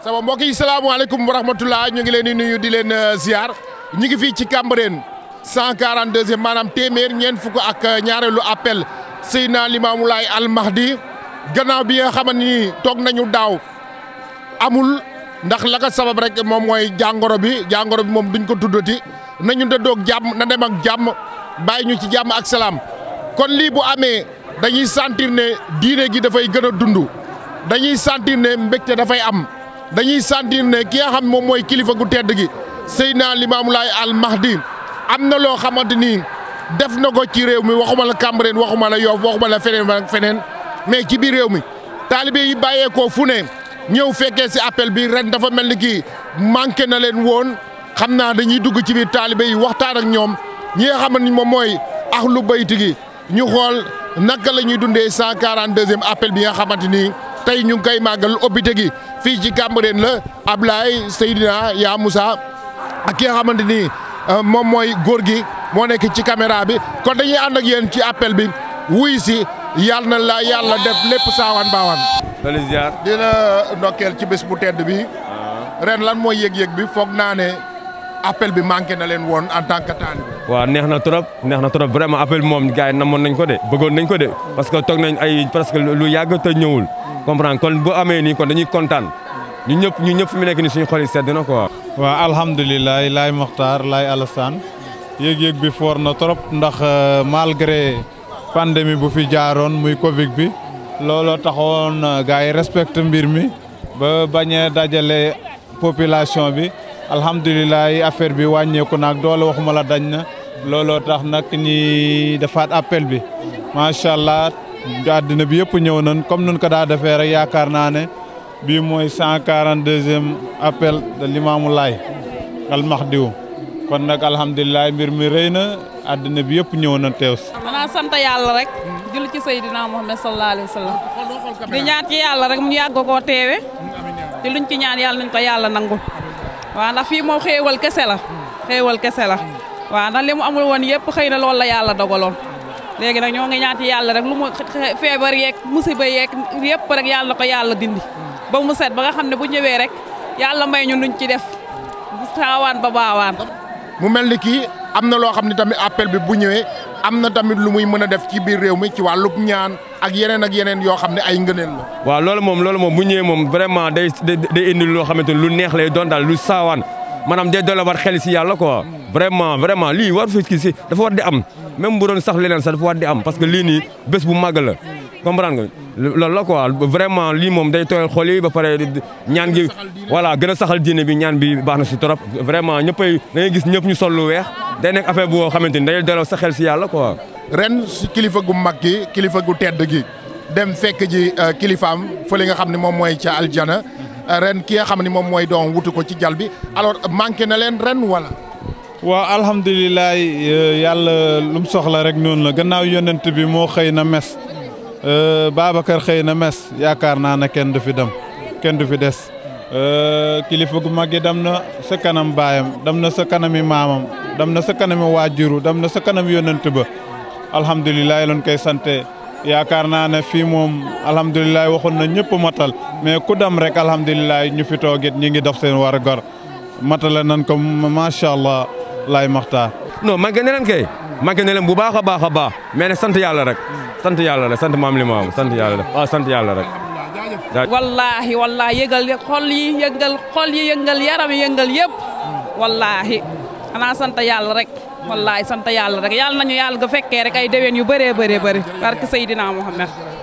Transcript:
sama mbokk yi salaamaaleykum wa rahmatullah ñu ngi leen di nuyu di leen euh, ziar ñu ngi fii ci Cambérène 142e maanaam téeméer ñeent fukk ak euh, ñaareelu appel Seydina Limaamu Laay Al Mahdi gannaaw bi nga xamante ni toog nañu daaw amul ndax la ko sabab rek moom mooy jàngoro bi jàngoro bi moom duñ ko tuddati nañu dëddoog jàmm na dem ak jàmm bàyyi ñu ci jàmm ak salaam kon lii bu amee dañuy sentir ne diine gi dafay gën a dund dañuy sentir ne mbégte dafay am. dañuy sentir ne ki nga xam moom mooy kilifa gu tedd gi Seydina Limaamu Laay al Mahdi am na loo xamante ni def na ko ci réew mi waxuma la Cambérène waxuma la Yoff waxuma la feneen ak feneen mais ci biir réew mi taalibe yi bàyyeekoo fu ne ñëw fekkee si appel bi ren dafa mel ni kii manqué na leen woon xam naa dañuy dugg ci biir taalibe yi waxtaan ak ñoom ñi nga xam ne moom mooy ahlu bayti gi ñu xool naka la ñuy dundee cent quarante deuxième appel bi nga xamante ni tey ñu ngi koy màggal gi. fii ci Cambérène la Ablaye Seydina Ya Moussa ak ki nga xamante ni euh, moom mooy góor gi moo nekk ci caméra bi kon dañuy ànd ak yéen ci appel bi wuy si yàlla na la yàlla def lépp saawaan baawaan. di la ci bés bu tedd bi. Ah. ren lan mooy yëg-yëg bi foog naa appel bi manqué na leen woon en tant que taalibe. waaw neex na trop neex na trop vraiment appel bi moom gars yi namoon nañ ko de bëggoon nañ ko de parce que toog nañ ay presque lu yàgg te ñëwul. comprendre kon bu amee nii kon dañuy kontaan ñu ñëpp ñu ñëpp fi mu nekk nii suñu xol yi sedd na quoi. waaw alhamdulilah laay Mokhtar laay Alassane yéeg-yéeg bi foor na trop ndax euh, malgré pandémie bu fi jaaroon muy Covid bi looloo taxoon euh, gars yi respecte mbir mi ba bañ a population bi. alhamdulilah affaire bi wàññeeku naag doole waxuma la dañ na looloo tax nag ñi defaat appel bi macha allah àddina bi yëpp ñëw nañ comme nun ko daa defee rek yaakaar naa ne bii mooy cent quarante deuxième appel de Limaamu Laay al Mahdiw kon nag alhamdulilah mbir mi rëy na àddina bi yëpp ñëw na teew si. maanaam yàlla rek. julli ci Seydina Muhammad sallallahu alayhi wa sallam. di ñaan ci yàlla rek mu yàgg koo teewe. te luñ ci ñaan yàlla nañ ko yàlla waaw ndax fii moo xéewal kese la xéewal kese la waaw na li mu amul woon yëpp xëy na loolu la yàlla dogaloon léegi nag ñoo ngi ñaati yàlla rek lu mu feebar yeeg musiba yeeg yëpp rek yàlla ko yàlla dindi ba mu set ba nga xam ne bu ñëwee rek yàlla may ñu luñ ci def bu saawaan ba baawaan mu mel ni kii am na loo xam ne tamit appel bi bu ñëwee am na tamit lu muy mën a def ci biir réew mi ci wàllub ñaan ak yeneen ak yeneen yoo xam ne ay ngëneel la. waaw loolu moom loolu moom bu ñëwee moom vraiment day day indi loo xamante ni lu neex lay doon daal lu saawaan maanaam day doole war xel si yàlla quoi. vraiment vraiment lii war fi si dafa war di am même bu doon sax leneen sax dafa war di am parce que lii nii bés bu màgg la. comprendre nga loolu la ko quoi vraiment lii moom day tooyal xol yi ba pare ñaan gi voilà gën a saxal diine bi ñaan bi baax na si trop vraiment ñëppay da ngay gis ñëpp ñu sol lu weex day nekk affaire boo xamante ni day delloo sa xel si yàlla quoi. ren si kilifa gu mag gi kilifa gu tedd gi dem fekk ji euh, kilifaam fële nga xam ne moom mooy ca aljana euh, ren ki nga xam ne moom mooy doom wutu ko ci jal bi alors manqué na leen ren wala. waaw alhamdulilah euh, yàlla lu mu soxla rek noonu la gannaaw yonent bi moo xëy na mes. Euh, Babacar xëy na mes yaakaar naa ne kenn du fi dem kenn du fi des euh, kilifa gu mag yi dem na sa kanam baayam dem na sa kanami maamam dem na sa kanami waajuru dem na sa kanam yónnent ba alhamdulilah loon koy sante yaakaar naa ne fii moom alhamdulilah waxoon na ñëpp matal mais ku dem rek alhamdulilah ñu fi toogit ñi ngi def seen war gor matale nan ko macha allah lay maxtaar noo manqué ne leen kay manqué ne leen bu baax a baax a baax mais sant yàlla rek sant yàlla rek sant maam li ma am sant yàlla rek waaw sant yàlla rek wallaahi wallaahi yëgal xol yi yëngal xol yi yëngal yaram yi yëngal yëpp wallaahi xanaa sant yàlla rek wallaahi sant yàlla rek yàlla nañu yàlla nga fekkee rek ay déwén yu bëree bëree bëri barke Seydina Muhammad